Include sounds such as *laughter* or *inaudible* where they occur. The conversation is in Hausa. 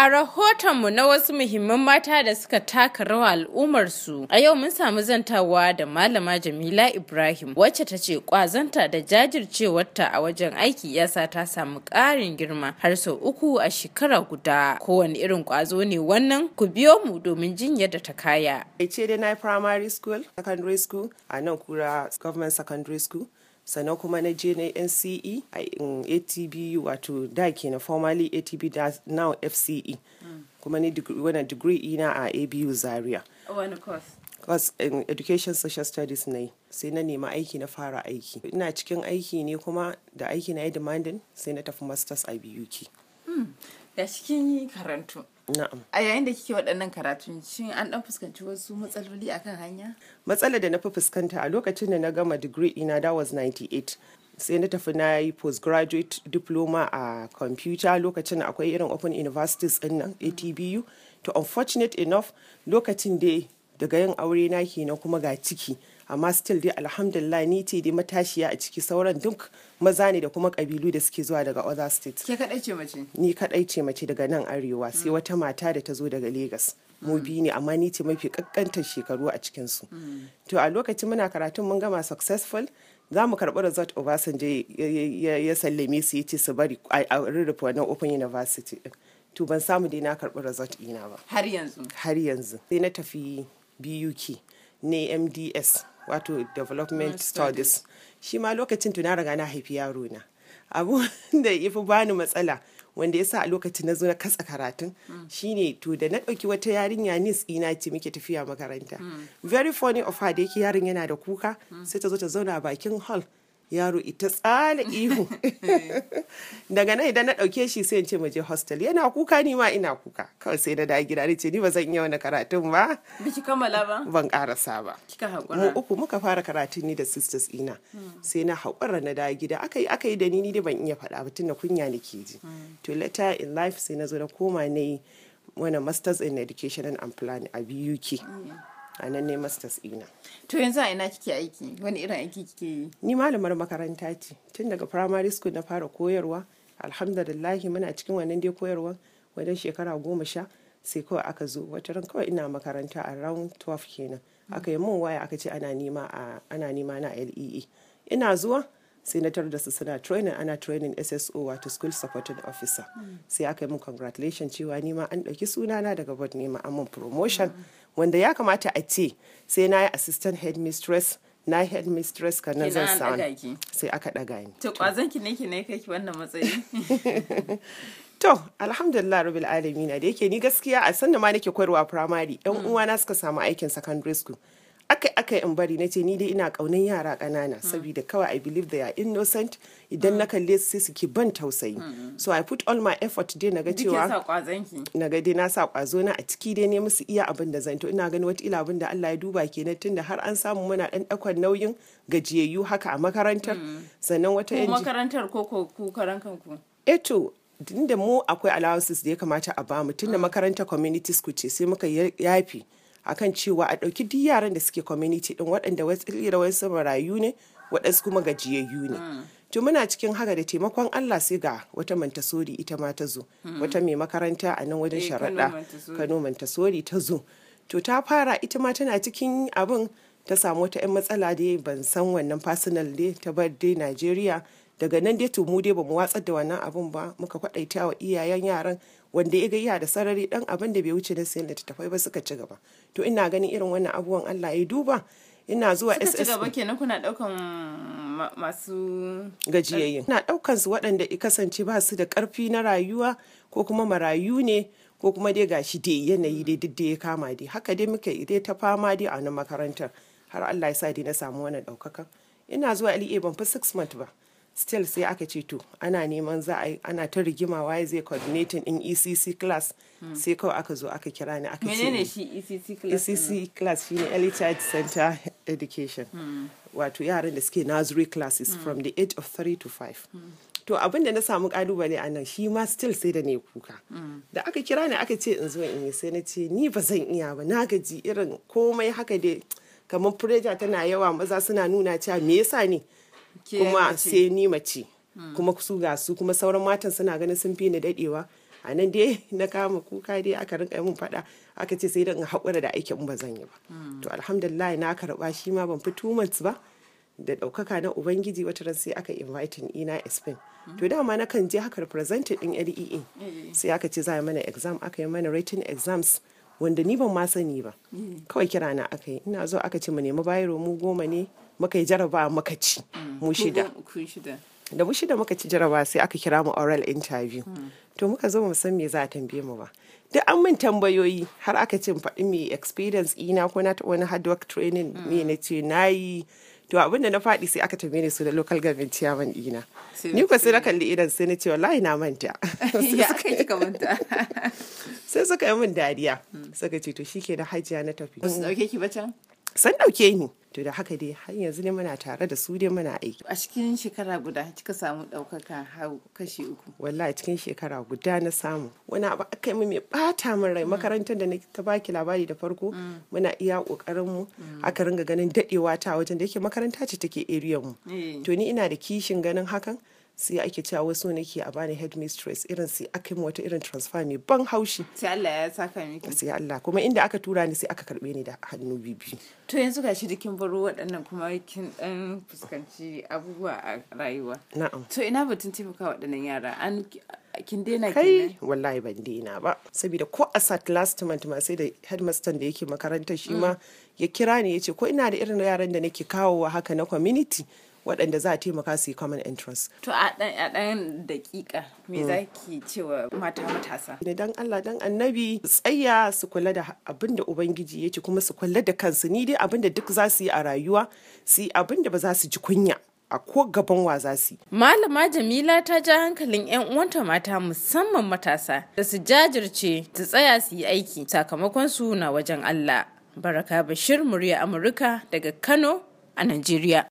A rahotonmu na wasu muhimman mata da suka taka rawa al'ummarsu, a yau mun samu zantawa da Malama Jamila Ibrahim wacce ta ce kwazanta da jajircewarta a wajen aiki yasa ta samu ƙarin girma har sau uku a shekara guda. Kowane irin kwazo ne wannan ku biyo mu domin jin yadda ta kaya. Ce dai na primary school, secondary school, a nan kura government secondary school. sannan kuma na je na nce a atb wato da ke na formerly atb now fce kuma ni wani degree ina a abu zaria wani course course in education social studies na yi sai na nema aiki na fara aiki ina cikin aiki ne kuma da aiki na yi demanding sai na tafi masters a buk hmm, da cikin yi karantu A yayin da kike waɗannan karatun shin an ɗan fuskanci wasu matsaloli a kan hanya? Matsalar da na fi fuskanta a lokacin da na gama digiri ina that was 98. sai na tafi na yi postgraduate diploma a computer lokacin akwai irin open universities din nan atbu to unfortunate enough lokacin dai daga yin aure na kuma ga ciki amma still dai alhamdulillah ni ce dai matashiya a ciki sauran duk maza ne da kuma kabilu da suke zuwa daga other states ke kadai ce mace ni kaɗai ce mace daga nan arewa sai wata mata da ta zo daga Legas. mu mm. biyu ne amma ni ce mafi kakkantar shekaru a cikin su mm. to a lokacin muna karatun mun gama successful za mu karɓi result obasanjo ya sallame su ya ce su bari a rurrufe wannan open university to ban samu dai na karɓi result ina ba har yanzu har yanzu sai na tafi buk ne mds wato development studies shi ma lokacin tuna riga na haifi yaro na abu *laughs* da ya fi bani matsala wanda ya sa a lokacin na zo na katsa karatun mm. shine to da na ɗauki wata yarinya nis ina ce muke tafiya makaranta mm. very funny of her da yake yarin yana da kuka mm. sai ta zo ta zauna bakin hall yaro ita tsala ihu *laughs* daga nan idan na ɗauke shi sai in ce mu je hostel yana kuka ni ma ina kuka kawai sai na da gida ni ce ni ba zan iya wani karatun ba biki kammala ba ban karasa ba kika hakura mu uku muka fara karatun ni da sisters ina hmm. sai na hakura na da gida akai akai da ni ni da ban iya faɗa ba tunda kunya nake ji hmm. to later in life sai na zo na koma ne wani masters in education and planning a BUK. Hmm. a nan ne masters ina to yanzu a ina kike aiki wani irin aiki kike yi ni malamar makaranta ce tun daga primary school na fara koyarwa alhamdulillahi muna cikin wannan dai koyarwa wajen shekara goma sha sai kawai aka zo wata ran kawai ina makaranta a round 12 kenan aka yi min waya aka ce ana nema a ana nema na LEE e. ina zuwa sai na tarar da su suna training ana training SSO wato school supporting officer sai aka yi min congratulation cewa nima an ɗauki sunana daga board nema an mun promotion wanda ya kamata a ce sai na yi assistant headmistress na headmistress ka nan zan samu sai aka ɗaga ni to ƙwazon ki ne ki ne kai wannan matsayi *laughs* to alhamdulillah rabbil alamin da yake ni gaskiya a sanda ma nake koyarwa primary yan mm. uwana suka samu aikin secondary school akai aka in bari na ce ni dai ina kaunan yara kanana saboda kawai i believe they are innocent idan na kalle su sai suke ban tausayi so i put all my effort dai naga cewa naga dai na sa kwazo na a ciki dai ne musu iya abin da zanto ina gani wata ila abin da Allah ya duba kenan tunda har an samu muna dan dakon nauyin gajiyayyu haka a makarantar sannan wata yanzu makarantar ko ku karan kanku eto eh tunda mu akwai allowances da ya kamata a bamu tunda makarantar community school ce sai muka yafi akan cewa a ɗauki duk yaran da suke community ɗin waɗanda wasu marayu ne waɗansu kuma gajiyayyu ne. Hmm. To muna cikin haka da taimakon Allah sai ga wata Mantasori ita ma ta zo, hmm. wata mai makaranta a nan wajen eh, sharaɗa Kano Mantasori ta zo. To ta fara ita ma tana cikin abin ta samu wata 'yan matsala dai ban san wannan fasinal dai ta bar dai Najeriya daga nan dai to mu dai bamu watsar da wannan abun ba muka kwadaita wa iyayen yaran wanda ya iya da sarari dan abin da bai wuce na sayan littattafai ba suka ci gaba to ina ganin irin wannan abubuwan Allah ya duba ina zuwa SS suka ci gaba kenan kuna daukan masu gajiyayyen ina daukan su waɗanda ya kasance ba su da karfi na rayuwa ko kuma marayu ne ko kuma dai gashi dai yanayi dai duk da ya kama dai haka dai muke dai ta fama dai a wani makarantar har Allah ya sa dai na samu wannan daukakan ina zuwa LA e ban fi 6 month ba still sai aka ce to ana neman za a ana ta rigima waye zai coordinating in ECC class sai kawai aka zo aka kira ni aka ce menene shi ECC class ECC class shine early child center education wato yaran da suke nursery classes hmm. from the age of 3 to 5 to abin da na samu kalubale a nan shi ma still sai da ne kuka hmm. da aka kira ni aka ce in zo in yi sai na ce ni ba zan iya ba na gaji irin komai haka dai kamar fureja tana yawa maza suna nuna cewa me yasa ne kuma sai ni mace kuma su ga su kuma sauran matan suna ganin sun fi ni dadewa a nan dai na kama kuka dai aka rinka mun faɗa aka ce sai dan hakura da aikin ba zan yi ba hmm. to alhamdulillah na karba shi ma ban fi two months ba da ɗaukaka na ubangiji wata ran sai aka ni ina spain to hmm. dama na kan je haka represent din lea e. eh. sai aka ce za a mana exam aka yi mana writing exams wanda ni ban ma sani ba eh. kawai kira na aka yi ina zo aka ce mu nemi bayro mu goma ne muka yi jaraba muka ci mm. mu shida da mu shida muka ci jaraba sai aka kira mu oral interview mm. to muka zo mu san me za a tambaye mu ba duk an min tambayoyi har aka ce faɗi me experience ina ko na wani hard work training mm. me na ce na yi to abin da na faɗi sai aka tambaye ni su da local government chairman ina ni ko sai na kalli idan sai na ce wallahi na manta *laughs* ya kai kika manta *laughs* sai suka yi min dariya suka ce to shike da hajiya na tafi ba su dauke ki ba can san ɗauke ni to da haka dai har yanzu ne muna tare da su dai muna aiki a cikin shekara guda kika samu ɗaukaka har kashi uku wallahi cikin shekara guda na samu wani abu aka yi mai bata min rai mm. makarantar da na ta baki labari da farko mm. muna iya kokarin mu mm. aka ringa ganin dadewa ta wajen da yake makaranta ce take area mu eh. to ni ina da kishin ganin hakan sai ake cewa wasu nake a bani headmistress irin sai aka yi wata irin transfer ne ban haushi sai Allah ya saka miki sai Allah kuma inda aka tura ni sai aka karbe ni da hannu bibi to yanzu gashi dukin baro waɗannan kuma kin dan fuskanci abubuwa a rayuwa na'am to ina batun taimaka waɗannan yara an kin daina kai wallahi ban daina ba saboda ko a sat last month ma sai da headmaster da yake makarantar shi ma mm. ya kira ni ya ce ko ina da irin yaran da nake kawowa haka na community waɗanda za a taimaka su yi common interest. To a ɗan daƙiƙa me za ki ce wa mata matasa? Ne dan Allah dan annabi tsaya su kula da abin da Ubangiji ya ce kuma su kula da kansu ni dai abin da duk za su yi a rayuwa su yi abin da ba za su ji kunya. a ko gaban wa za su Malama Jamila ta ja hankalin 'yan uwanta mata musamman matasa da su jajirce su tsaya su yi aiki sakamakon su na wajen Allah. Baraka Bashir murya Amurka daga Kano a Najeriya.